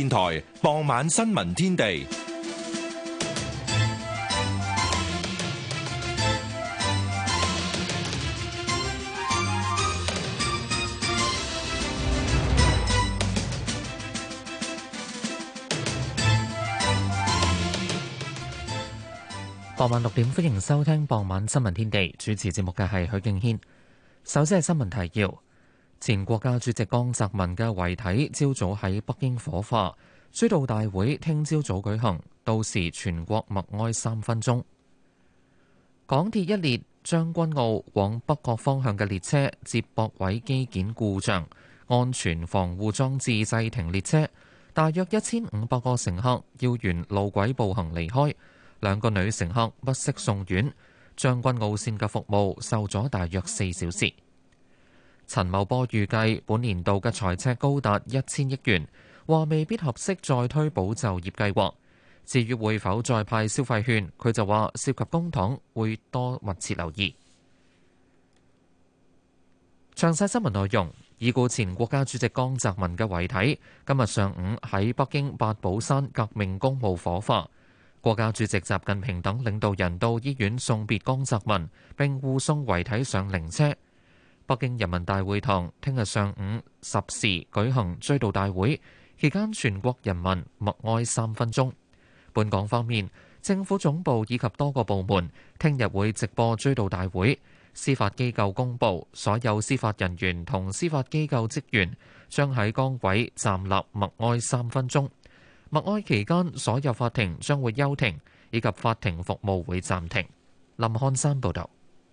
電台傍晚新聞天地。傍晚六點，歡迎收聽傍晚新聞天地。主持節目嘅係許敬軒。首先係新聞提要。前國家主席江澤民嘅遺體朝早喺北京火化，追悼大會聽朝早舉行，到時全國默哀三分鐘。港鐵一列將軍澳往北角方向嘅列車接駁位機件故障，安全防護裝置制停列車，大約一千五百個乘客要沿路軌步行離開，兩個女乘客不適送院。將軍澳線嘅服務受阻大約四小時。陳茂波預計本年度嘅財赤高達一千億元，話未必合適再推保就業計劃。至於會否再派消費券，佢就話涉及公帑，會多密切留意。詳細新聞內容，已故前國家主席江澤民嘅遺體今日上午喺北京八寶山革命公墓火化，國家主席習近平等領導人到醫院送別江澤民，并護送遺體上靈車。北京人民大會堂聽日上午十時舉行追悼大會，期間全國人民默哀三分鐘。本港方面，政府總部以及多個部門聽日會直播追悼大會。司法機構公布，所有司法人員同司法機構職員將喺崗位站立默哀三分鐘。默哀期間，所有法庭將會休庭，以及法庭服務會暫停。林漢山報道。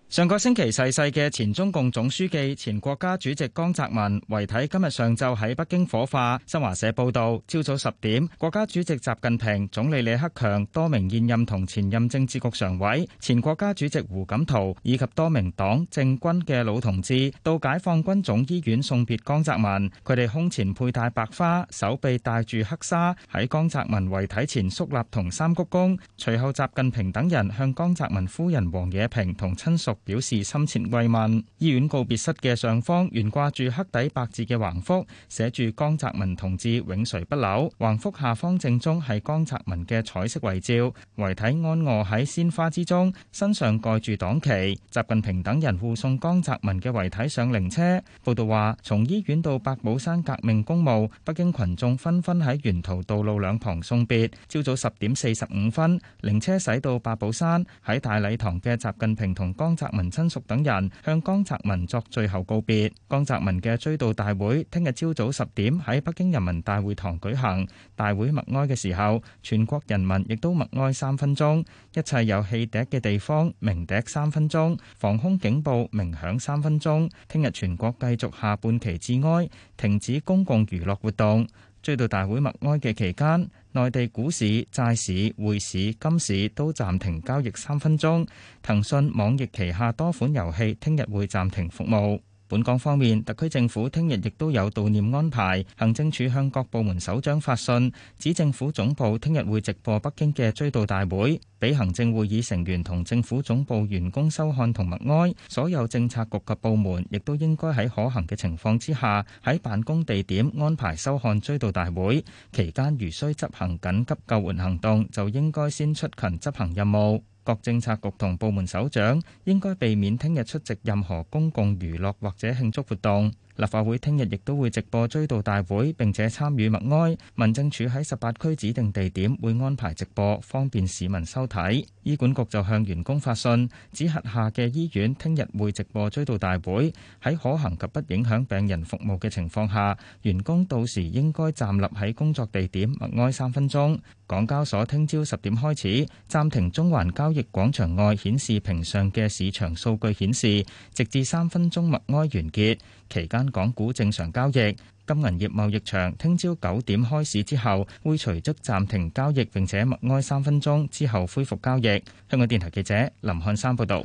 上個星期逝世嘅前中共總書記、前國家主席江澤民遺體今日上晝喺北京火化。新華社報道，朝早十點，國家主席習近平、總理李克強、多名現任同前任政治局常委、前國家主席胡錦濤以及多名黨政軍嘅老同志到解放軍總醫院送別江澤民。佢哋胸前佩戴白花，手臂戴住黑紗，喺江澤民遺體前肅立同三鞠躬。隨後，習近平等人向江澤民夫人王冶平同親屬。表示深切慰問。醫院告別室嘅上方懸掛住黑底白字嘅橫幅，寫住江澤民同志永垂不朽。橫幅下方正中係江澤民嘅彩色遺照，遺體安臥喺鮮花之中，身上蓋住黨旗。習近平等人護送江澤民嘅遺體上靈車。報道話，從醫院到八寶山革命公墓，北京群眾紛紛喺沿途道路兩旁送別。朝早十點四十五分，靈車駛到八寶山，喺大禮堂嘅習近平同江澤。澤民親屬等人向江澤民作最後告別。江澤民嘅追悼大會聽日朝早十點喺北京人民大會堂舉行。大會默哀嘅時候，全國人民亦都默哀三分鐘。一切有汽笛嘅地方鳴笛三分鐘，防空警報鳴響三分鐘。聽日全國繼續下半旗致哀，停止公共娛樂活動。追悼大會默哀嘅期間，內地股市、債市、匯市、金市都暫停交易三分鐘，騰訊網易旗下多款遊戲聽日會暫停服務。本港方面，特區政府聽日亦都有悼念安排。行政署向各部門首長發信，指政府總部聽日會直播北京嘅追悼大會，俾行政會議成員同政府總部員工收看同默哀。所有政策局嘅部門亦都應該喺可行嘅情況之下，喺辦公地點安排收看追悼大會。期間如需執行緊急救援行動，就應該先出勤執行任務。各政策局同部門首長應該避免聽日出席任何公共娛樂或者慶祝活動。立法會聽日亦都會直播追悼大會，並且參與默哀。民政處喺十八區指定地點會安排直播，方便市民收睇。醫管局就向員工發信，指轄下嘅醫院聽日會直播追悼大會。喺可行及不影響病人服務嘅情況下，員工到時應該站立喺工作地點默哀三分鐘。港交所聽朝十點開始，暫停中環交易廣場外顯示屏上嘅市場數據顯示，直至三分鐘默哀完結。期間港股正常交易，金銀業貿易場聽朝九點開市之後，會隨即暫停交易，並且默哀三分鐘之後恢復交易。香港電台記者林漢山報導。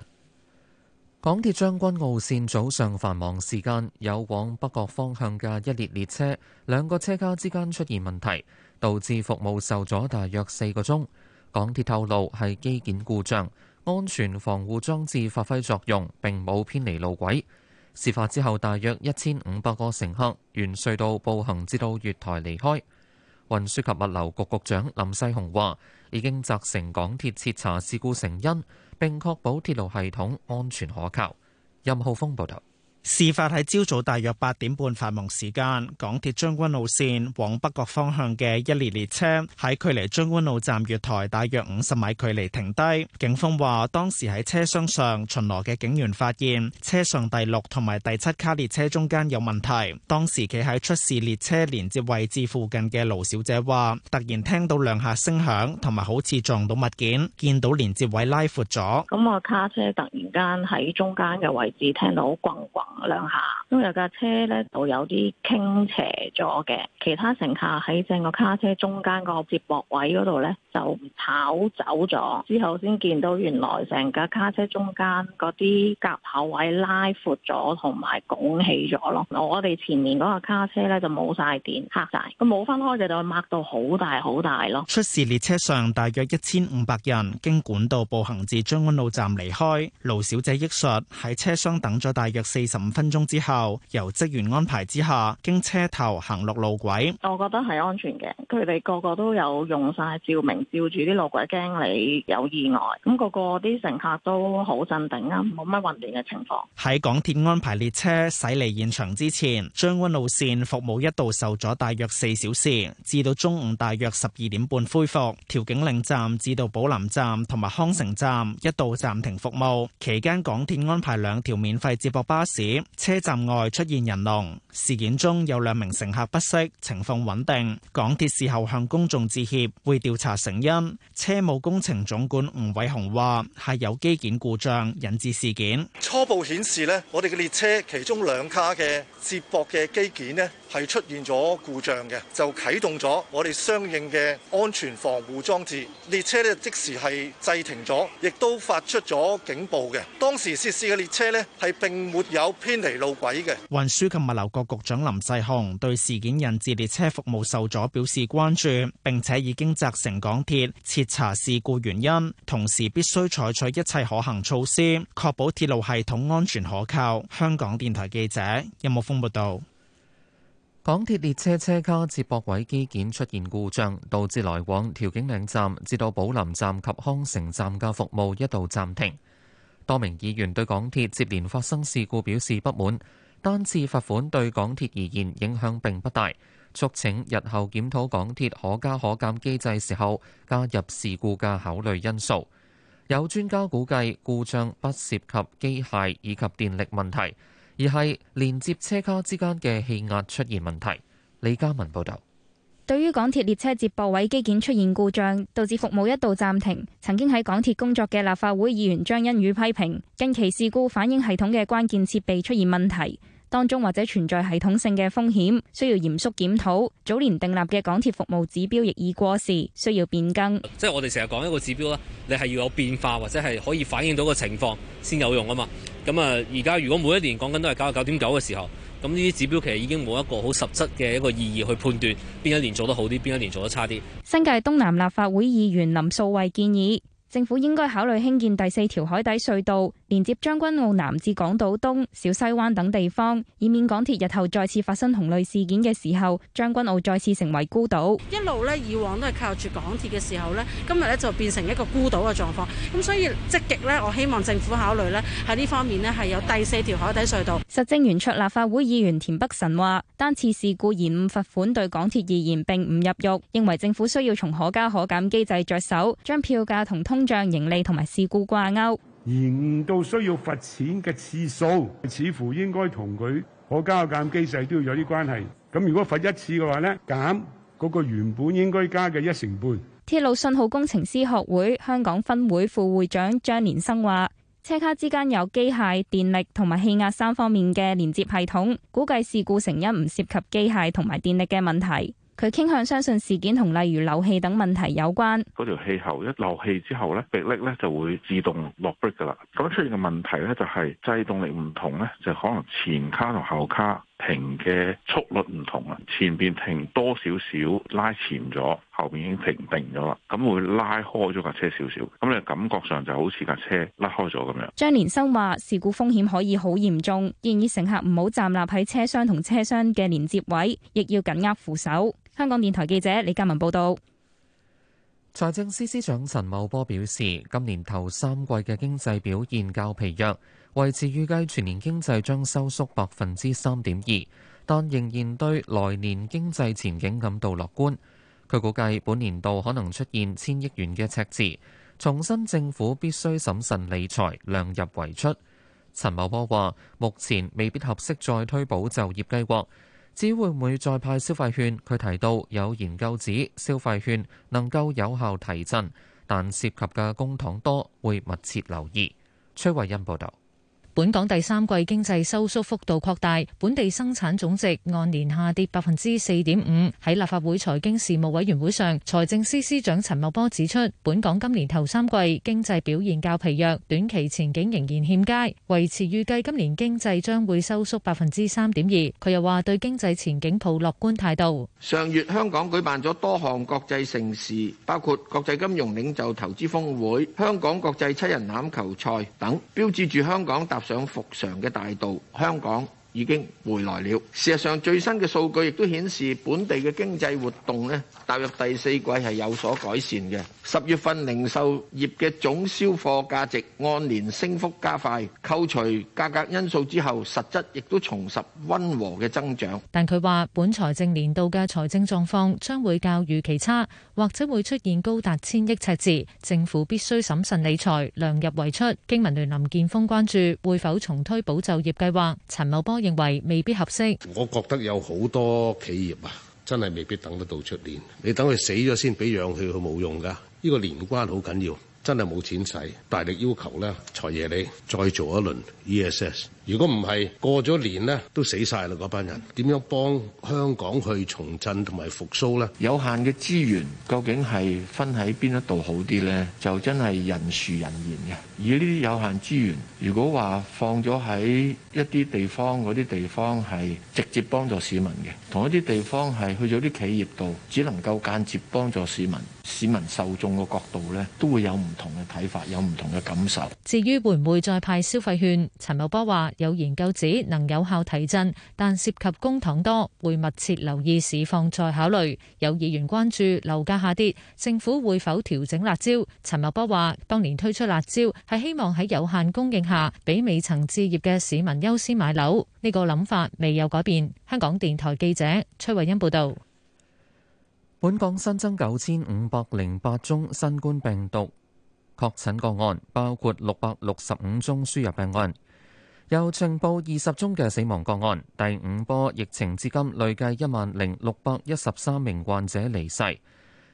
港鐵將軍澳線早上繁忙時間有往北角方向嘅一列列車，兩個車卡之間出現問題，導致服務受阻大約四個鐘。港鐵透露係機件故障，安全防護裝置發揮作用，並冇偏離路軌。事發之後，大約一千五百個乘客沿隧道步行至到月台離開。運輸及物流局局長林世雄話：已經責成港鐵徹查事故成因，並確保鐵路系統安全可靠。任浩峰報道。事發喺朝早大約八點半繁忙時間，港鐵將軍澳綫往北角方向嘅一列列車喺距離將軍澳站月台大約五十米距離停低。警方話當時喺車廂上巡邏嘅警員發現車上第六同埋第七卡列車中間有問題。當時企喺出事列車連接位置附近嘅盧小姐話，突然聽到兩下聲響同埋好似撞到物件，見到連接位拉闊咗。咁我，卡車突然間喺中間嘅位置聽到好咣咣。兩下，因為架車咧就有啲傾斜咗嘅，其他乘客喺正個卡車中間個接駁位嗰度咧就跑走咗，之後先見到原來成架卡車中間嗰啲夾口位拉闊咗，同埋拱起咗咯。我哋前面嗰個卡車咧就冇晒電，黑晒，咁，冇分開就就抹到好大好大咯。出事列車上大約一千五百人，經管道步行至將軍澳站離開。盧小姐憶述喺車廂等咗大約四十，五分鐘之後，由職員安排之下，經車頭行落路軌，我覺得係安全嘅。佢哋個個都有用晒照明照住啲路軌，驚你有意外。咁、那個個啲乘客都好鎮定啊，冇乜混亂嘅情況。喺 港鐵安排列車駛離現場之前，將軍路綫服務一度受咗大約四小時，至到中午大約十二點半恢復。調景嶺站至到寶林站同埋康城站一度暫停服務，期間港鐵安排兩條免費接駁巴士。車站外出現人龍，事件中有兩名乘客不適，情況穩定。港鐵事後向公眾致歉，會調查成因。車務工程總管吳偉雄話係有機件故障引致事件，初步顯示呢，我哋嘅列車其中兩卡嘅接駁嘅機件呢，係出現咗故障嘅，就啟動咗我哋相應嘅安全防護裝置，列車呢即時係制停咗，亦都發出咗警報嘅。當時涉事嘅列車呢係並沒有偏離路軌嘅。運輸及物流局局長林世雄對事件引致列車服務受阻表示關注，並且已經責成港鐵徹查事故原因，同時必須採取一切可行措施，確保鐵路系統安全可靠。香港電台記者任慕峰報道。有港鐵列車車卡接駁位機件出現故障，導致來往調景嶺站至到寶林站及康城站嘅服務一度暫停。多名議員對港鐵接連發生事故表示不滿，單次罰款對港鐵而言影響並不大，促請日後檢討港鐵可加可減機制時候加入事故嘅考慮因素。有專家估計，故障不涉及機械以及電力問題。而係連接車卡之間嘅氣壓出現問題。李嘉文報導。對於港鐵列車接駁位機件出現故障，導致服務一度暫停，曾經喺港鐵工作嘅立法會議員張欣宇批評，近期事故反映系統嘅關鍵設備出現問題。當中或者存在系統性嘅風險，需要嚴肅檢討。早年訂立嘅港鐵服務指標亦已過時，需要變更。即係我哋成日講一個指標啦，你係要有變化或者係可以反映到個情況先有用啊嘛。咁啊，而家如果每一年講緊都係九十九點九嘅時候，咁呢啲指標其實已經冇一個好實質嘅一個意義去判斷邊一年做得好啲，邊一年做得差啲。新界東南立法會議員林素慧建議。政府應該考慮興建第四條海底隧道，連接將軍澳南至港島東、小西灣等地方，以免港鐵日後再次發生類似事件嘅時候，將軍澳再次成為孤島。一路咧，以往都係靠住港鐵嘅時候咧，今日咧就變成一個孤島嘅狀況。咁所以積極咧，我希望政府考慮咧喺呢方面咧係有第四條海底隧道。實政圓桌立法會議員田北辰話：單次事故延誤罰款對港鐵而言並唔入獄，認為政府需要從可加可減機制着手，將票價同通。增長盈利同埋事故掛鈎，延誤到需要罰錢嘅次數，似乎應該同佢可加可減機制都要有啲關係。咁如果罰一次嘅話呢，減嗰個原本應該加嘅一成半。鐵路信號工程師學會香港分會副會長張連生話，車卡之間有機械、電力同埋氣壓三方面嘅連接系統，估計事故成因唔涉及機械同埋電力嘅問題。佢傾向相信事件同例如漏氣等問題有關。嗰條氣喉一漏氣之後咧，迫力咧就會自動落 brake 㗎喇。咁出現嘅問題咧，就係制動力唔同咧，就可能前卡同後卡。停嘅速率唔同啊，前邊停多少少拉前咗，後邊已經停定咗啦，咁會拉開咗架車少少，咁你感覺上就好似架車拉開咗咁樣。張連生話，事故風險可以好嚴重，建議乘客唔好站立喺車廂同車廂嘅連接位，亦要緊握扶手。香港電台記者李嘉文報道。財政司司長陳茂波表示，今年頭三季嘅經濟表現較疲弱。維持預計全年經濟將收縮百分之三點二，但仍然對來年經濟前景感到樂觀。佢估計本年度可能出現千億元嘅赤字，重申政府必須審慎理財，量入為出。陳茂波話：目前未必合適再推保就業計劃，至於會唔會再派消費券，佢提到有研究指消費券能夠有效提振，但涉及嘅公帑多，會密切留意。崔慧欣報導。本港第三季經濟收縮幅度擴大，本地生產總值按年下跌百分之四點五。喺立法會財經事務委員會上，財政司司長陳茂波指出，本港今年頭三季經濟表現較疲弱，短期前景仍然欠佳，維持預計今年經濟將會收縮百分之三點二。佢又話對經濟前景抱樂觀態度。上月香港舉辦咗多項國際盛事，包括國際金融領袖投資峰會、香港國際七人欖球賽等，標誌住香港達上復常嘅大道，香港已經回來了。事實上，最新嘅數據亦都顯示本地嘅經濟活動咧，踏入第四季係有所改善嘅。十月份零售業嘅總銷貨價值按年升幅加快，扣除價格因素之後，實質亦都重拾溫和嘅增長。但佢話，本財政年度嘅財政狀況將會較預期差。或者會出現高達千億赤字，政府必須審慎理財，量入為出。經民聯林健鋒關注會否重推保就業計劃？陳茂波認為未必合適。我覺得有好多企業啊，真係未必等得到出年。你等佢死咗先俾氧氣佢，佢冇用㗎。呢、這個年關好緊要，真係冇錢使，大力要求咧，財爺你再做一輪 E S S。USS 如果唔係過咗年咧，都死晒啦！嗰班人點樣幫香港去重振同埋復蘇咧？有限嘅資源究竟係分喺邊一度好啲咧？就真係人樹人言嘅。而呢啲有限資源，如果話放咗喺一啲地方，嗰啲地方係直接幫助市民嘅，同一啲地方係去咗啲企業度，只能夠間接幫助市民。市民受眾嘅角度咧，都會有唔同嘅睇法，有唔同嘅感受。至於會唔會再派消費券？陳茂波話。有研究指能有效提振，但涉及公帑多，會密切留意市況再考慮。有議員關注樓價下跌，政府會否調整辣招，陳茂波話當年推出辣招，係希望喺有限供應下，俾未曾置業嘅市民優先買樓。呢、這個諗法未有改變。香港電台記者崔慧欣報道。本港新增九千五百零八宗新冠病毒確診個案，包括六百六十五宗輸入病案。又呈報二十宗嘅死亡個案，第五波疫情至今累計一萬零六百一十三名患者離世。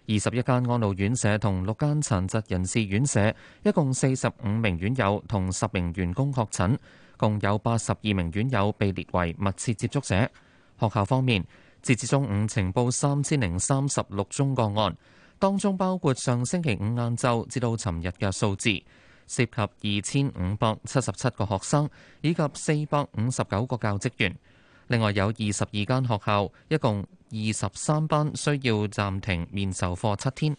二十一間安老院舍同六間殘疾人士院舍，一共四十五名院友同十名員工確診，共有八十二名院友被列為密切接觸者。學校方面，截至中午呈報三千零三十六宗個案，當中包括上星期五晏晝至到尋日嘅數字。涉及二千五百七十七個學生以及四百五十九個教職員，另外有二十二間學校，一共二十三班需要暫停面授課七天。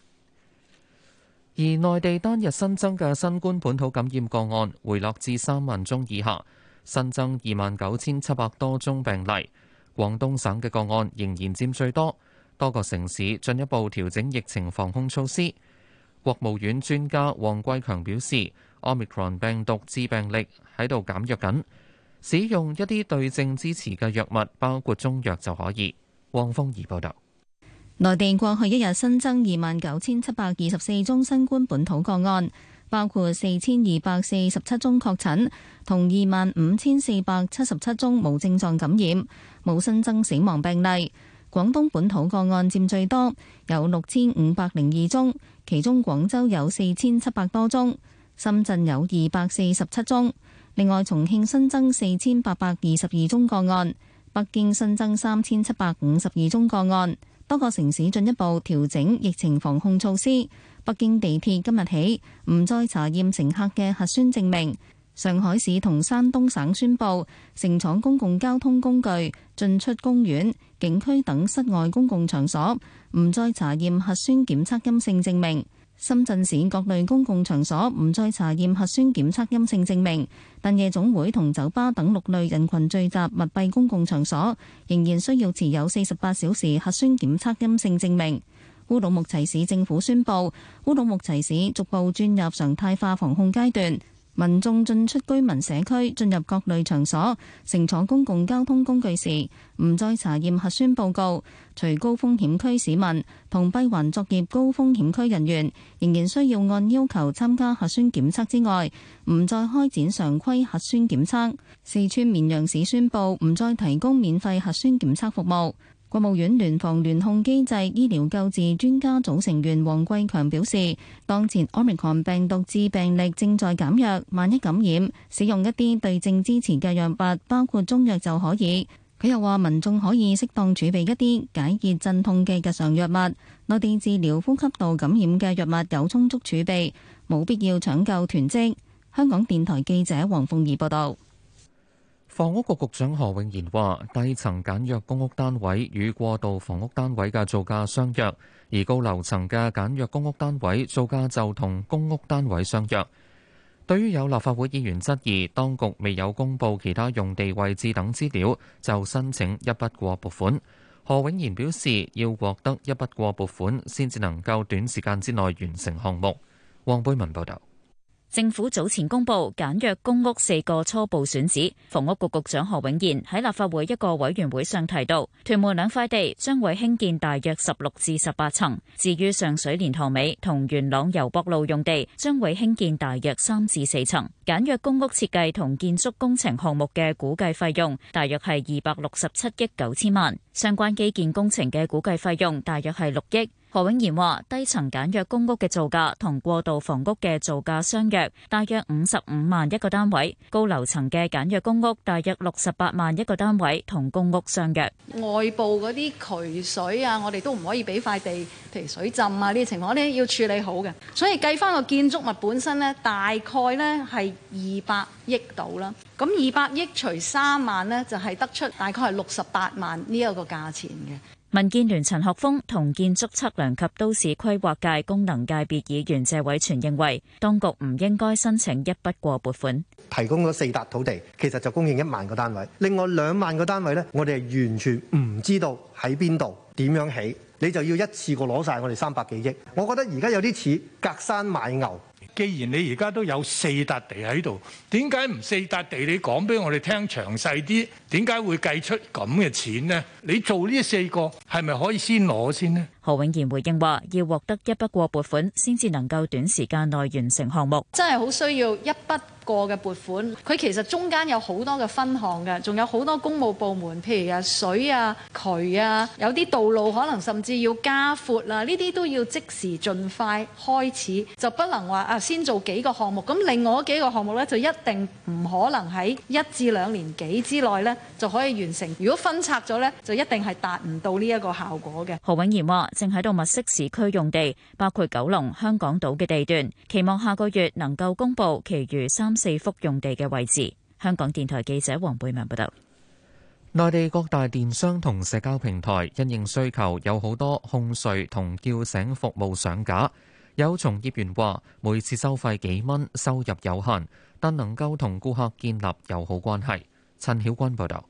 而內地單日新增嘅新冠本土感染個案回落至三萬宗以下，新增二萬九千七百多宗病例。廣東省嘅個案仍然佔最多，多個城市進一步調整疫情防控措施。國務院專家王貴強表示，Omicron 病毒致病力喺度減弱緊，使用一啲對症支持嘅藥物，包括中藥就可以。汪峰怡報道，內地過去一日新增二萬九千七百二十四宗新冠本土個案，包括四千二百四十七宗確診，同二萬五千四百七十七宗無症狀感染，冇新增死亡病例。廣東本土個案佔最多，有六千五百零二宗，其中廣州有四千七百多宗，深圳有二百四十七宗。另外，重慶新增四千八百二十二宗個案，北京新增三千七百五十二宗個案。多個城市進一步調整疫情防控措施。北京地鐵今日起唔再查驗乘客嘅核酸證明。上海市同山東省宣布，乘坐公共交通工具進出公園。景區等室外公共場所唔再查驗核酸檢測陰性證明。深圳市各類公共場所唔再查驗核酸檢測陰性證明，但夜總會同酒吧等六類人群聚集密閉公共場所，仍然需要持有四十八小時核酸檢測陰性證明。烏魯木齊市政府宣布，烏魯木齊市逐步轉入常態化防控階段。民眾進出居民社區、進入各類場所、乘坐公共交通工具時，唔再查驗核酸報告。除高風險區市民同閉環作業高風險區人員仍然需要按要求參加核酸檢測之外，唔再開展常規核酸檢測。四川綿陽市宣布唔再提供免費核酸檢測服務。國務院聯防聯控機制醫療救治專家組成員黃貴強表示，當前奧密克戎病毒致病力正在減弱，萬一感染，使用一啲對症支持嘅藥物，包括中藥就可以。佢又話，民眾可以適當儲備一啲解熱鎮痛嘅日常藥物。內地治療呼吸道感染嘅藥物有充足儲備，冇必要搶救囤積。香港電台記者黃鳳儀報道。房屋局局長何永賢話：低層簡約公屋單位與過渡房屋單位嘅造價相約，而高樓層嘅簡約公屋單位造價就同公屋單位相約。對於有立法會議員質疑當局未有公布其他用地位置等資料就申請一筆過撥款，何永賢表示要獲得一筆過撥款，先至能夠短時間之內完成項目。黃貝文報道。政府早前公布簡約公屋四個初步選址，房屋局局長何永賢喺立法會一個委員會上提到，屯門兩塊地將會興建大約十六至十八層，至於上水蓮塘尾同元朗油駁路用地將會興建大約三至四層。簡約公屋設計同建築工程項目嘅估計費用大約係二百六十七億九千萬，相關基建工程嘅估計費用大約係六億。何永賢話：低層簡約公屋嘅造價同過渡房屋嘅造價相若，大約五十五萬一個單位；高樓層嘅簡約公屋大約六十八萬一個單位，同公屋相若。外部嗰啲渠水啊，我哋都唔可以俾塊地譬如水浸啊呢啲情況，呢要處理好嘅。所以計翻個建築物本身呢，大概呢係二百億度啦。咁二百億除三萬呢，就係、是、得出大概係六十八萬呢一個價錢嘅。民建聯陳學鋒同建築測量及都市規劃界功能界別議員謝偉全認為，當局唔應該申請一筆過撥款，提供咗四笪土地，其實就供應一萬個單位，另外兩萬個單位呢，我哋完全唔知道喺邊度、點樣起，你就要一次過攞晒我哋三百幾億，我覺得而家有啲似隔山買牛。既然你而家都有四笪地喺度，點解唔四笪地你講俾我哋聽詳細啲？點解會計出咁嘅錢呢？你做呢四個，係咪可以先攞先呢？何永賢回應話：要獲得一筆過撥款，先至能夠短時間內完成項目。真係好需要一筆過嘅撥款。佢其實中間有好多嘅分項嘅，仲有好多公務部門，譬如啊水啊渠啊，有啲道路可能甚至要加闊啦、啊，呢啲都要即時盡快開始，就不能話啊先做幾個項目，咁另外嗰幾個項目呢，就一定唔可能喺一至兩年幾之內呢就可以完成。如果分拆咗呢，就一定係達唔到呢一個效果嘅。何永賢話。正喺度物色市區用地，包括九龍、香港島嘅地段，期望下個月能夠公布其餘三四幅用地嘅位置。香港電台記者黃貝文報道。內地各大電商同社交平台因應需求，有好多哄睡同叫醒服務上架。有從業員話，每次收費幾蚊，收入有限，但能夠同顧客建立友好關係。陳曉君報道。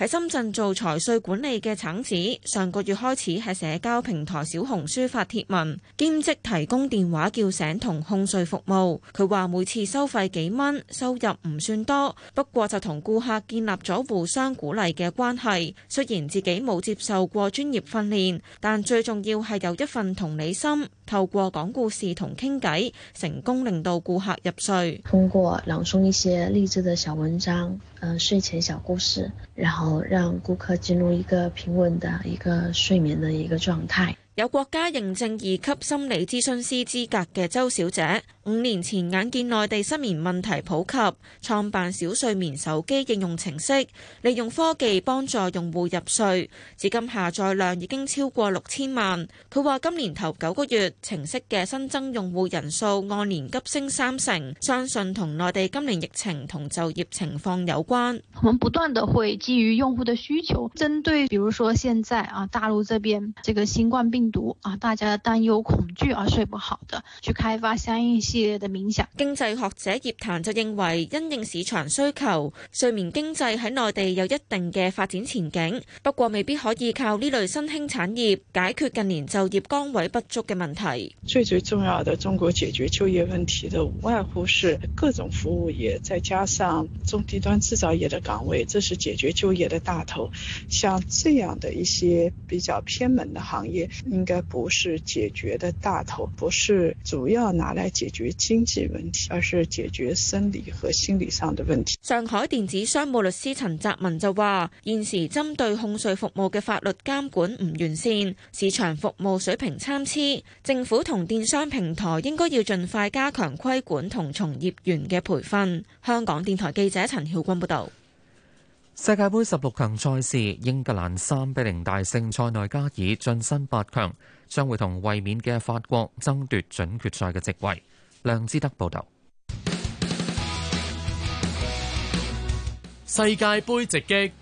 喺深圳做財稅管理嘅橙子，上個月開始喺社交平台小紅書發帖文，兼職提供電話叫醒同哄睡服務。佢話每次收費幾蚊，收入唔算多，不過就同顧客建立咗互相鼓勵嘅關係，雖然自己冇接受過專業訓練，但最重要係有一份同理心。透過講故事同傾偈成功令到顧客入睡。通過朗誦一些勵志嘅小文章。嗯、呃，睡前小故事，然後讓顧客進入一個平穩的一個睡眠的一個狀態。有國家認證二級心理諮詢師資格嘅周小姐，五年前眼見內地失眠問題普及，創辦小睡眠手機應用程式，利用科技幫助用戶入睡。至今下載量已經超過六千萬。佢話今年頭九個月程式嘅新增用戶人數按年急升三成，相信同內地今年疫情同就業情況有關。我們不斷地會基於用戶的需求，針對，比如說現在啊大陸這邊這個新冠病毒讀啊，大家的擔憂、恐懼而睡不好的，去開發相應系列的冥想。經濟學者葉檀就認為，因應市場需求，睡眠經濟喺內地有一定嘅發展前景，不過未必可以靠呢類新興產業解決近年就業崗位不足嘅問題。最最重要的，中國解決就業問題的無外乎是各種服務業，再加上中低端製造業的崗位，這是解決就業的大頭。像這樣的一些比較偏門的行業，應該不是解決的大頭，不是主要拿來解決經濟問題，而是解決生理和心理上的問題。上海電子商務律師陳澤文就話，現時針對控稅服務嘅法律監管唔完善，市場服務水平參差，政府同電商平台應該要盡快加強規管同從業員嘅培訓。香港電台記者陳曉君報道。世界杯十六強賽事，英格蘭三比零大勝塞內加爾，晉身八強，將會同衛冕嘅法國爭奪準決賽嘅席位。梁志德報道。世界杯直擊。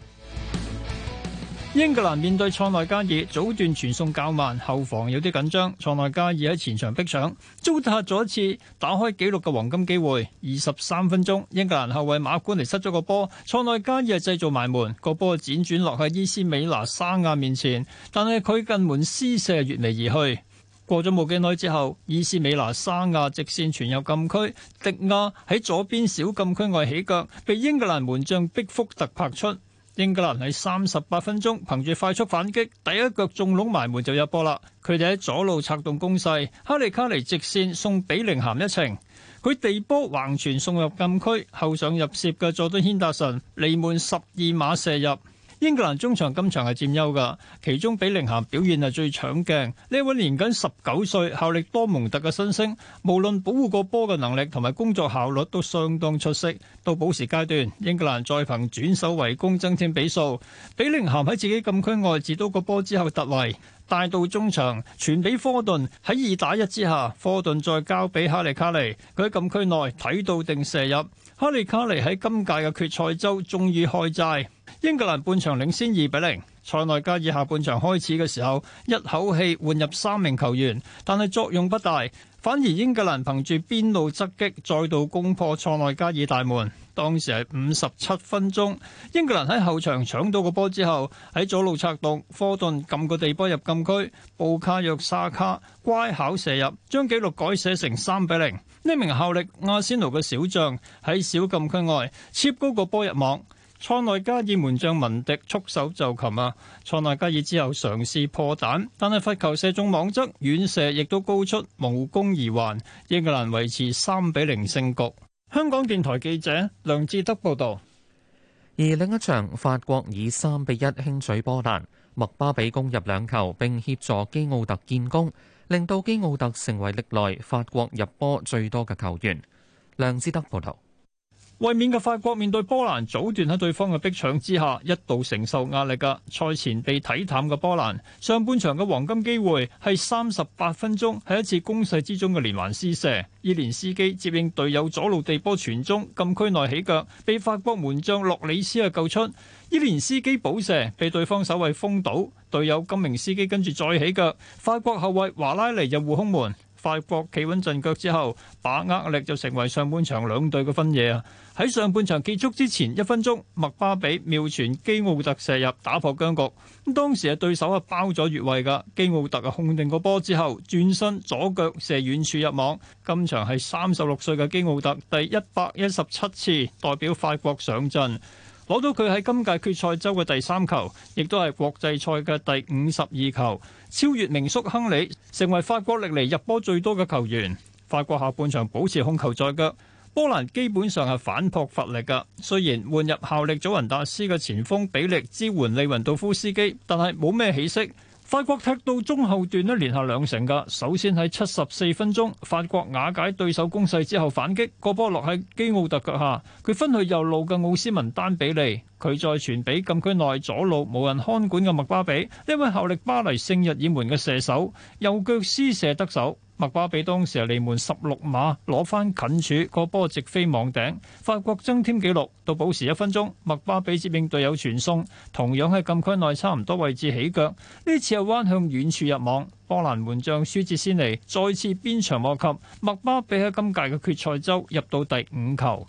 英格蘭面對塞內加爾，早段傳送較慢，後防有啲緊張。塞內加爾喺前場逼搶，糟蹋咗一次打開紀錄嘅黃金機會。二十三分鐘，英格蘭後衛馬古尼失咗個波，塞內加爾製造埋門，個波輾轉落喺伊斯美拿沙亞面前，但係佢近門施射越嚟而去。過咗冇幾耐之後，伊斯美拿沙亞直線傳入禁區，迪亞喺左邊小禁區外起腳，被英格蘭門將碧福特拍出。英格蘭喺三十八分鐘憑住快速反擊，第一腳中籠埋門就入波啦。佢哋喺左路策動攻勢，哈利卡尼直線送畀凌咸一程，佢地波橫傳送入禁區後上入楔嘅佐敦軒達臣離門十二碼射入。英格蘭中場今場係佔優噶，其中比寧咸表現係最搶鏡。呢位年僅十九歲、效力多蒙特嘅新星，無論保護個波嘅能力同埋工作效率都相當出色。到補時階段，英格蘭再憑轉守為攻增添比數。比寧咸喺自己禁區外接到個波之後突圍，帶到中場傳俾科頓，喺二打一之下，科頓再交俾哈利卡尼，佢喺禁區內睇到定射入。哈利卡尼喺今屆嘅決賽周終於開齋，英格蘭半場領先二比零。塞內加爾下半場開始嘅時候，一口氣換入三名球員，但係作用不大，反而英格蘭憑住邊路側擊再度攻破塞內加爾大門。當時係五十七分鐘，英格蘭喺後場搶到個波之後，喺左路策動，科頓撳個地波入禁區，布卡約沙卡乖巧射入，將紀錄改寫成三比零。呢名效力阿仙奴嘅小將喺小禁區外切高個波入網，塞內加爾門將文迪束手就擒啊！塞內加爾之後嘗試破蛋，但係罰球射中網側，遠射亦都高出，無功而還。英格蘭維持三比零勝局。香港電台記者梁志德報道，而另一場法國以三比一輕取波蘭，麥巴比攻入兩球，並協助基奧特建功，令到基奧特成為歷來法國入波最多嘅球員。梁志德報道。為免衛冕嘅法國面對波蘭，早段喺對方嘅逼搶之下，一度承受壓力㗎。賽前被睇淡嘅波蘭，上半場嘅黃金機會係三十八分鐘，喺一次攻勢之中嘅連環施射，伊連斯基接應隊友左路地波傳中，禁區內起腳，被法國門將洛里斯啊救出，伊連斯基補射被對方守衛封堵，隊友金明斯基跟住再起腳，法國後衛華拉尼入護空門。法國企穩陣腳之後，把握力就成為上半場兩隊嘅分野啊！喺上半場結束之前一分鐘，麥巴比妙傳基奧特射入打破僵局。咁當時嘅對手係包咗越位噶，基奧特啊控定個波之後，轉身左腳射遠處入網。今場係三十六歲嘅基奧特第一百一十七次代表法國上陣，攞到佢喺今屆決賽周嘅第三球，亦都係國際賽嘅第五十二球。超越名宿亨利，成為法國歷嚟入波最多嘅球員。法國下半場保持控球在腳，波蘭基本上係反撲乏力噶。雖然換入效力祖雲達斯嘅前鋒比利支援利雲道夫斯基，但係冇咩起色。法國踢到中後段咧，連下兩成㗎。首先喺七十四分鐘，法國瓦解對手攻勢之後反擊，個波落喺基奧特腳下，佢分去右路嘅奧斯文丹比利，佢再傳俾禁區內左路無人看管嘅麥巴比，呢位效力巴黎聖日耳門嘅射手右腳施射得手。麥巴比當時係離門十六碼攞翻近柱，個波直飛網頂。法國增添紀錄到保持一分鐘。麥巴比接應隊友傳送，同樣喺禁區內差唔多位置起腳，呢次又彎向遠處入網。波蘭門將舒哲先尼，再次鞭長莫及。麥巴比喺今屆嘅決賽周入到第五球。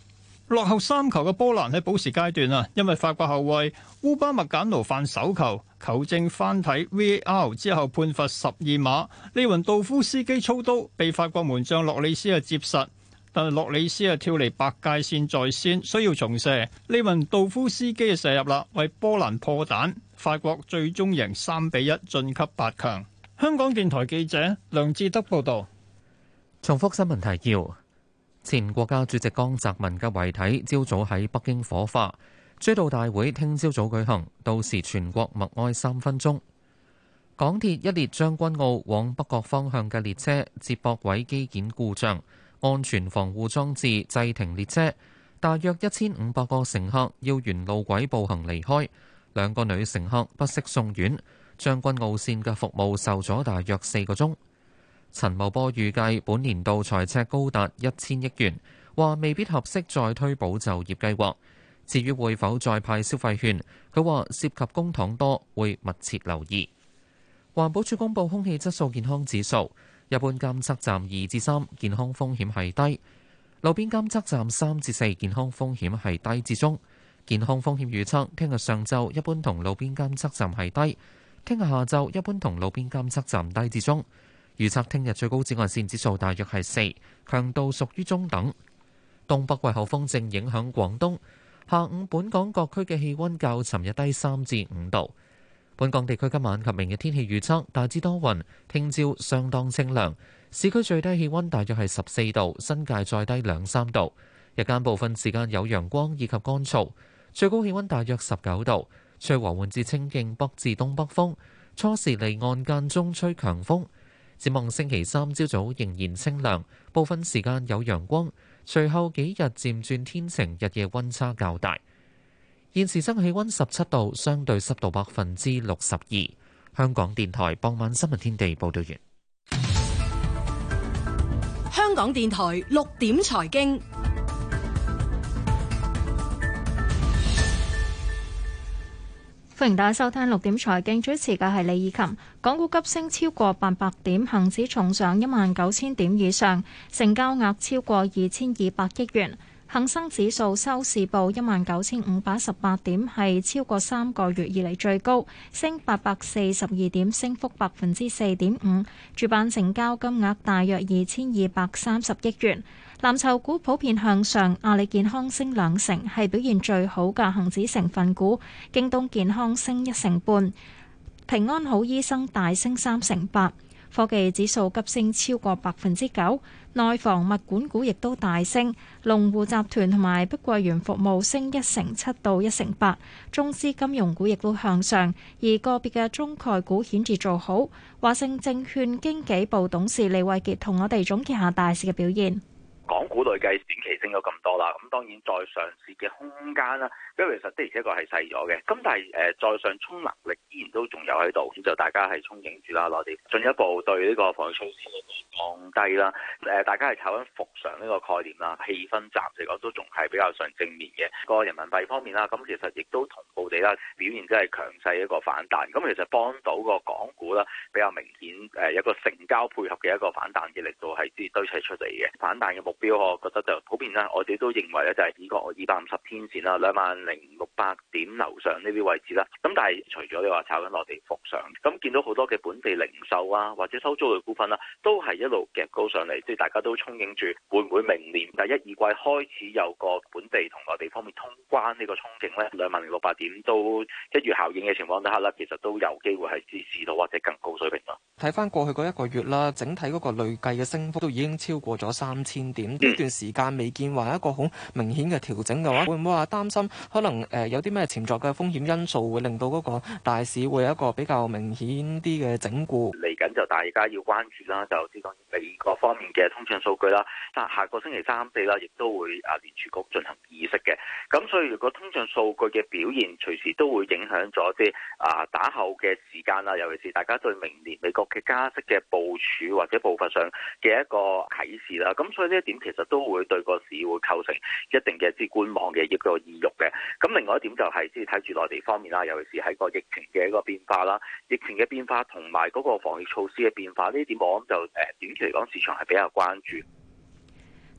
落後三球嘅波蘭喺補時階段啊，因為法國後衛烏巴麥簡奴犯手球，球證翻睇 VAR 之後判罰十二碼，利雲道夫斯基操刀，被法國門將洛里斯啊接實，但係洛里斯啊跳離白界綫在先，需要重射，利雲道夫斯基啊射入啦，為波蘭破蛋，法國最終贏三比一晉級八強。香港電台記者梁志德報道。重複新聞提要。前國家主席江澤民嘅遺體，朝早喺北京火化，追悼大會聽朝早舉行，到時全國默哀三分鐘。港鐵一列將軍澳往北角方向嘅列車，接駁位機件故障，安全防護裝置制停列車，大約一千五百個乘客要沿路軌步行離開，兩個女乘客不適送院。將軍澳線嘅服務受阻大約四個鐘。陳茂波預計本年度財赤高達一千億元，話未必合適再推保就業計劃。至於會否再派消費券，佢話涉及公帑多，會密切留意。環保署公布空氣質素健康指數，一般監測站二至三，3，健康風險係低；路邊監測站三至四，4，健康風險係低至中。健康風險預測聽日上晝一般同路邊監測站係低，聽日下晝一般同路邊監測站低至中。預測聽日最高紫外線指數大約係四，強度屬於中等。東北季候風正影響廣東，下午本港各區嘅氣温較尋日低三至五度。本港地區今晚及明日天氣預測大致多雲，聽朝相當清涼。市區最低氣温大約係十四度，新界再低兩三度。日間部分時間有陽光以及乾燥，最高氣温大約十九度。吹和緩至清勁北至東北風，初時離岸間中吹強風。展望星期三朝早仍然清涼，部分時間有陽光。隨後幾日漸轉天晴，日夜溫差較大。現時測氣溫十七度，相對濕度百分之六十二。香港電台傍晚新聞天地報道完。香港電台六點財經。歡迎大家收聽六點財經，主持嘅係李以琴。港股急升超過八百點，恒指重上一萬九千點以上，成交額超過二千二百億元。恒生指數收市報一萬九千五百十八點，係超過三個月以嚟，最高，升八百四十二點，升幅百分之四點五。主板成交金額大約二千二百三十億元。藍籌股普遍向上，阿里健康升兩成，係表現最好嘅恒指成分股。京東健康升一成半，平安好醫生大升三成八。科技指數急升超過百分之九，內房物管股亦都大升，龍湖集團同埋碧桂園服務升一成七到一成八。中資金融股亦都向上，而個別嘅中概股顯著做好。華盛證券經紀部董事李慧杰同我哋總結下大市嘅表現。港股累計短期升咗咁多啦，咁當然再嘗試嘅空間啦。因為其實的而且確係細咗嘅，咁但係誒、呃、再上衝能力依然都仲有喺度，咁就大家係憧憬住啦，內地進一步對呢個防疫措施降低啦，誒、呃、大家係炒緊復常呢個概念啦，氣氛暫時嚟講都仲係比較上正面嘅。個人民幣方面啦，咁其實亦都同步地啦表現真係強勢一個反彈，咁、嗯、其實幫到個港股啦比較明顯誒、呃、一個成交配合嘅一個反彈嘅力度係啲堆砌出嚟嘅，反彈嘅目標我覺得就普遍啦，我自己都認為咧就係呢個二百五十天線啦，兩萬零六百點樓上呢啲位置啦，咁但係除咗你話炒緊落地幅上，咁見到好多嘅本地零售啊，或者收租嘅股份啦，都係一路夾高上嚟，即係大家都憧憬住會唔會明年第一二季開始有個本地同內地方面通關呢個憧憬呢？兩萬零六百點都一月效應嘅情況底下啦，其實都有機會係支持到或者更高水平咯。睇翻過去嗰一個月啦，整體嗰個累計嘅升幅都已經超過咗三千點，呢段時間未見話一個好明顯嘅調整嘅話，會唔會話擔心？可能誒有啲咩潛在嘅風險因素會令到嗰個大市會有一個比較明顯啲嘅整固，嚟緊就大家要關注啦。就知道美國方面嘅通脹數據啦，但下個星期三四啦，亦都會啊聯儲局進行議息嘅。咁所以如果通脹數據嘅表現隨時都會影響咗啲啊打後嘅時間啦，尤其是大家對明年美國嘅加息嘅部署或者步伐上嘅一個啟示啦。咁所以呢一點其實都會對個市會構成一定嘅一啲觀望嘅一個意欲嘅。咁另外一點就係即係睇住內地方面啦，尤其是喺個疫情嘅一個變化啦，疫情嘅變化同埋嗰個防疫措施嘅變化呢啲點，我諗就誒短期嚟講，市場係比較關注。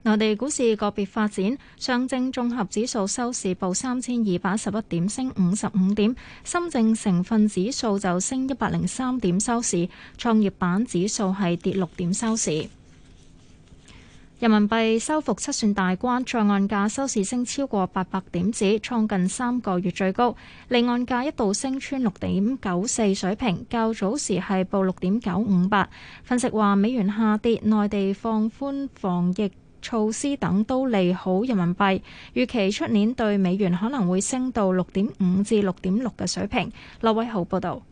內地股市個別發展，上證綜合指數收市報三千二百一十一點，升五十五點；深證成分指數就升一百零三點收市，創業板指數係跌六點收市。人民幣收復七算大關，在岸價收市升超過八百點子，創近三個月最高。離岸價一度升穿六點九四水平，較早時係報六點九五八。分析話美元下跌、內地放寬防疫措施等都利好人民幣，預期出年對美元可能會升到六點五至六點六嘅水平。劉偉豪報導。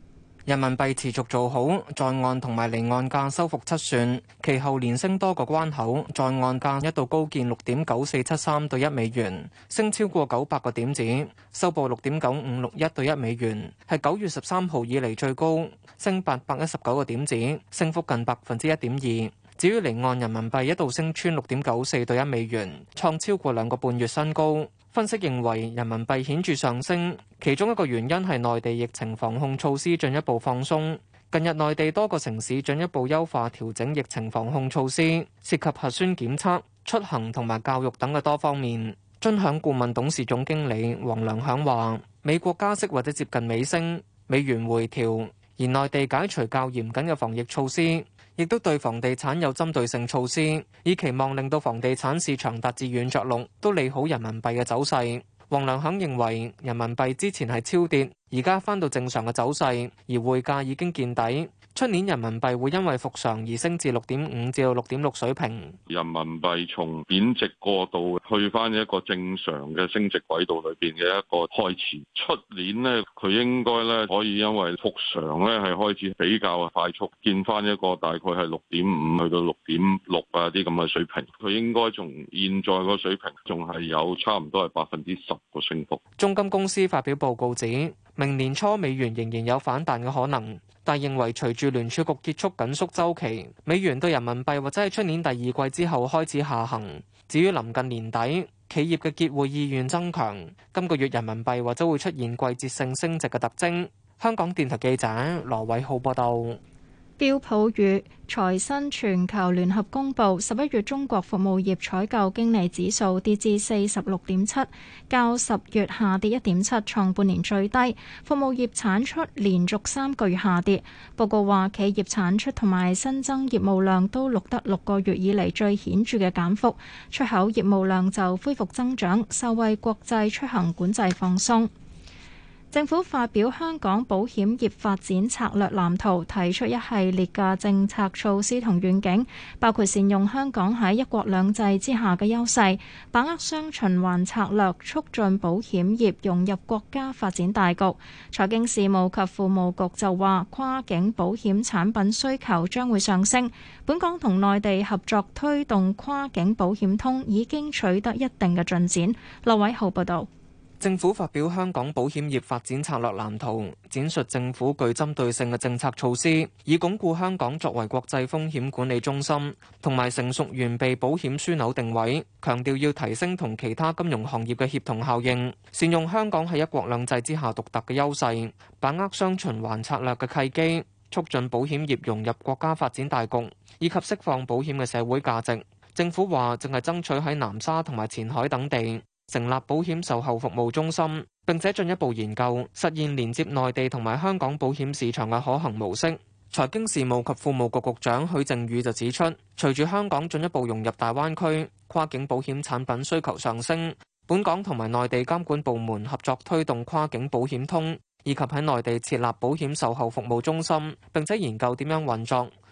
人民幣持續做好在岸同埋離岸價收復七算，其後連升多個關口，在岸價一度高見六點九四七三對一美元，升超過九百個點子，收報六點九五六一對一美元，係九月十三號以嚟最高，升八百一十九個點子，升幅近百分之一點二。至於離岸人民幣一度升穿六點九四對一美元，創超過兩個半月新高。分析認為，人民幣顯著上升，其中一個原因係內地疫情防控措施進一步放鬆。近日，內地多個城市進一步優化調整疫情防控措施，涉及核酸檢測、出行同埋教育等嘅多方面。尊享顧問董事總經理黃良響話：美國加息或者接近尾聲，美元回調，而內地解除較嚴謹嘅防疫措施。亦都對房地產有針對性措施，以期望令到房地產市場達至軟着陸，都利好人民幣嘅走勢。黃良肯認為，人民幣之前係超跌，而家翻到正常嘅走勢，而匯價已經見底。出年人民幣會因為復常而升至六點五至到六點六水平。人民幣從貶值過渡去翻一個正常嘅升值軌道裏邊嘅一個開始。出年呢，佢應該咧，可以因為復常咧，係開始比較快速見翻一個大概係六點五去到六點六啊，啲咁嘅水平。佢應該從現在個水平仲係有差唔多係百分之十個升幅。中金公司發表報告指，明年初美元仍然有反彈嘅可能，但認為隨住聯儲局結束緊縮周期，美元對人民幣或者係出年第二季之後開始下行。至於臨近年底，企業嘅結匯意願增強，今個月人民幣或者會出現季節性升值嘅特徵。香港電台記者羅偉浩報道。標普與財新全球聯合公布，十一月中國服務業採購經理指數跌至四十六點七，較十月下跌一點七，創半年最低。服務業產出連續三個月下跌。報告話，企業產出同埋新增業務量都錄得六個月以嚟最顯著嘅減幅，出口業務量就恢復增長，受惠國際出行管制放鬆。政府發表香港保險業發展策略藍圖，提出一系列嘅政策措施同願景，包括善用香港喺一國兩制之下嘅優勢，把握雙循環策略，促進保險業融入國家發展大局。財經事務及庫務局就話，跨境保險產品需求將會上升。本港同內地合作推動跨境保險通已經取得一定嘅進展。劉偉浩報道。政府發表香港保險業發展策略藍圖，展述政府具針對性嘅政策措施，以鞏固香港作為國際風險管理中心，同埋成熟完備保險樞紐定位。強調要提升同其他金融行業嘅協同效應，善用香港喺一國兩制之下獨特嘅優勢，把握雙循環策略嘅契機，促進保險業融入國家發展大局，以及釋放保險嘅社會價值。政府話淨係爭取喺南沙同埋前海等地，成立保險售後服務中心，並且進一步研究實現連接內地同埋香港保險市場嘅可行模式。財經事務及庫務局局局長許正宇就指出，隨住香港進一步融入大灣區，跨境保險產品需求上升，本港同埋內地監管部門合作推動跨境保險通，以及喺內地設立保險售後服務中心，並且研究點樣運作。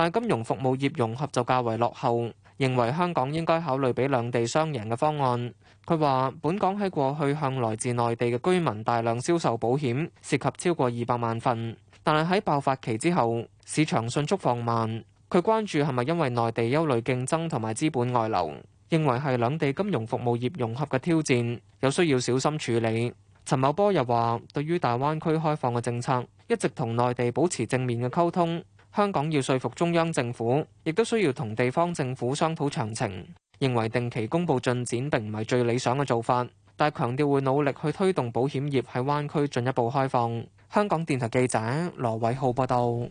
但金融服務業融合就較為落後，認為香港應該考慮俾兩地雙贏嘅方案。佢話本港喺過去向來自內地嘅居民大量銷售保險涉及超過二百萬份。但係喺爆發期之後市場迅速放慢。佢關注係咪因為內地憂慮競爭同埋資本外流，認為係兩地金融服務業融合嘅挑戰，有需要小心處理。陳茂波又話對於大灣區開放嘅政策，一直同內地保持正面嘅溝通。香港要說服中央政府，亦都需要同地方政府商討詳情。認為定期公布進展並唔係最理想嘅做法，但係強調會努力去推動保險業喺灣區進一步開放。香港電台記者羅偉浩報道。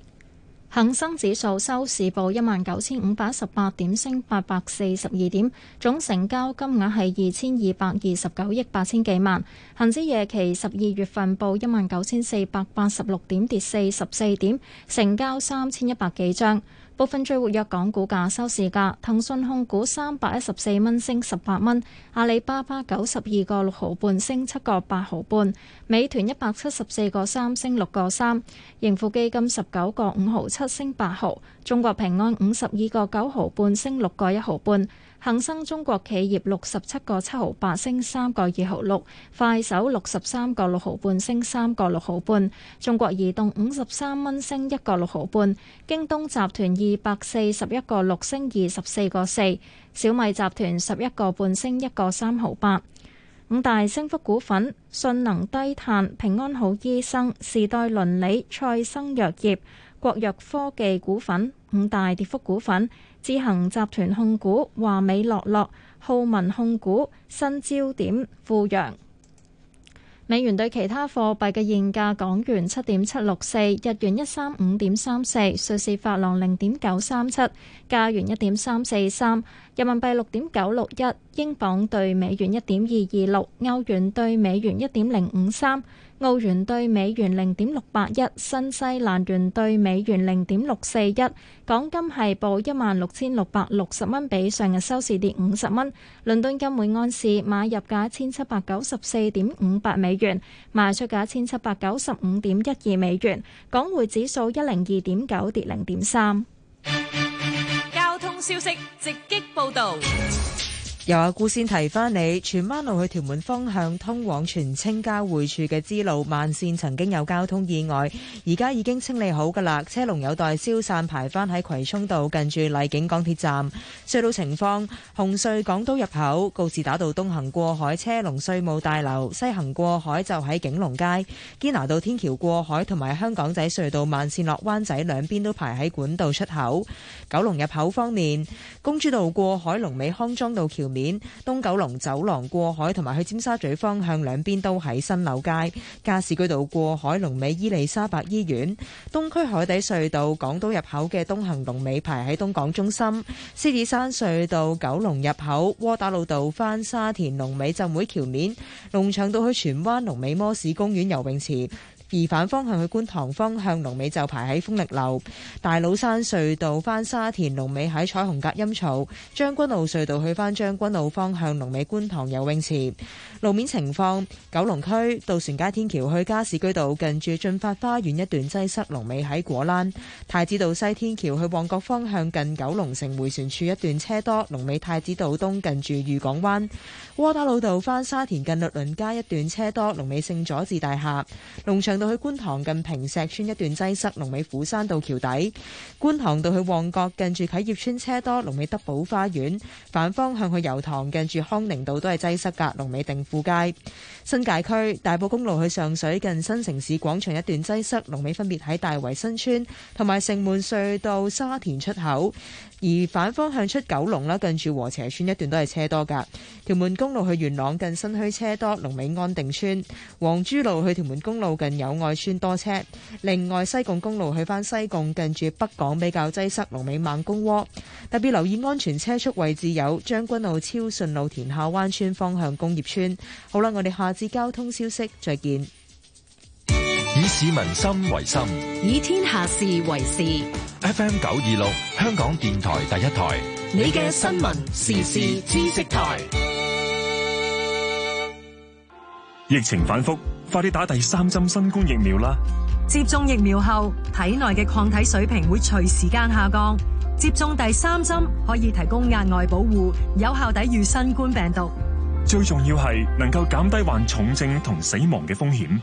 恒生指數收市報一萬九千五百一十八點，升八百四十二點，總成交金額係二千二百二十九億八千幾萬。恒指夜期十二月份報一萬九千四百八十六點，跌四十四點，成交三千一百幾張。部分最活躍港股價收市價：騰訊控股三百一十四蚊升十八蚊，阿里巴巴九十二個六毫半升七個八毫半，美團一百七十四個三升六個三，盈富基金十九個五毫七升八毫，中國平安五十二個九毫半升六個一毫半。恒生中國企業六十七個七毫八升三個二毫六，快手六十三個六毫半升三個六毫半，中國移動五十三蚊升一個六毫半，京東集團二百四十一個六升二十四個四，小米集團十一個半升一個三毫八。五大升幅股份：信能低碳、平安好醫生、時代鄰里、賽生藥業、國藥科技股份。五大跌幅股份。之恒集團控股、華美樂樂、浩文控股、新焦點、富陽。美元對其他貨幣嘅現價：港元七點七六四，日元一三五點三四，瑞士法郎零點九三七，加元一點三四三，人民幣六點九六一，英鎊兌美元一點二二六，歐元兌美元一點零五三。澳元兌美元0.681，新西蘭元兌美元0.641，港金係報16660蚊，比上日收市跌50蚊。倫敦金每安士買入價1794.58美元，賣出價1795.12美元。港匯指數102.9，跌0.3。交通消息，直擊報道。由阿姑先提翻你，荃灣路去屯門方向通往荃青交匯處嘅支路慢線曾經有交通意外，而家已經清理好㗎啦，車龍有待消散，排翻喺葵涌道近住荔景港鐵站隧道情況，紅隧港島入口告士打道東行過海車龍，稅務大樓西行過海就喺景隆街堅拿道天橋過海同埋香港仔隧道慢線落灣仔兩邊都排喺管道出口，九龍入口方面，公主道過海龍尾康莊道橋面。面東九龍走廊過海同埋去尖沙咀方向兩邊都喺新樓街，加士居道過海龍尾伊利沙伯醫院，東區海底隧道港島入口嘅東行龍尾排喺東港中心，獅子山隧道九龍入口窩打老道返沙田龍尾浸會橋面，龍翔道去荃灣龍尾摩士公園游泳池。而反方向去觀塘方向，龍尾就排喺豐力樓、大老山隧道翻沙田龍尾喺彩虹隔音槽；將軍澳隧道去翻將軍澳方向，龍尾觀塘游泳池。路面情況：九龍區渡船街天橋去加士居道近住駿發花園一段擠塞，龍尾喺果欄；太子道西天橋去旺角方向近九龍城回旋處一段車多，龍尾太子道東近住譽港灣；窩打老道翻沙田近律倫街一段車多，龍尾聖佐治大廈；龍翔到去觀塘近平石村一段擠塞，龍尾斧山道橋底；觀塘到去旺角近住啟業村車多，龍尾德寶花園。反方向去油塘近住康寧道都係擠塞噶，龍尾定富街。新界區大埔公路去上水近新城市廣場一段擠塞，龍尾分別喺大圍新村同埋城門隧道沙田出口。而反方向出九龍啦，近住和斜村一段都係車多㗎。屯門公路去元朗近新墟車多，龍尾安定村。黃珠路去屯門公路近友愛邨多車。另外西貢公路去返西貢近住北港比較擠塞，龍尾孟公窩。特別留意安全車速位置有將軍澳超順路、田下灣村方向工業村。好啦，我哋下次交通消息再見。以民心為心，以天下事為事。FM 九二六，香港電台第一台，你嘅新聞時事知識台。疫情反覆，快啲打第三針新冠疫苗啦！接種疫苗後，體內嘅抗體水平會隨時間下降。接種第三針可以提供額外保護，有效抵禦新冠病毒。最重要係能夠減低患重症同死亡嘅風險。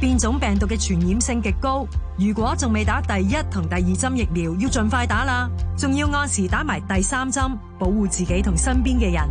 變種病毒嘅傳染性極高，如果仲未打第一同第二針疫苗，要盡快打喇，仲要按時打埋第三針，保護自己同身邊嘅人。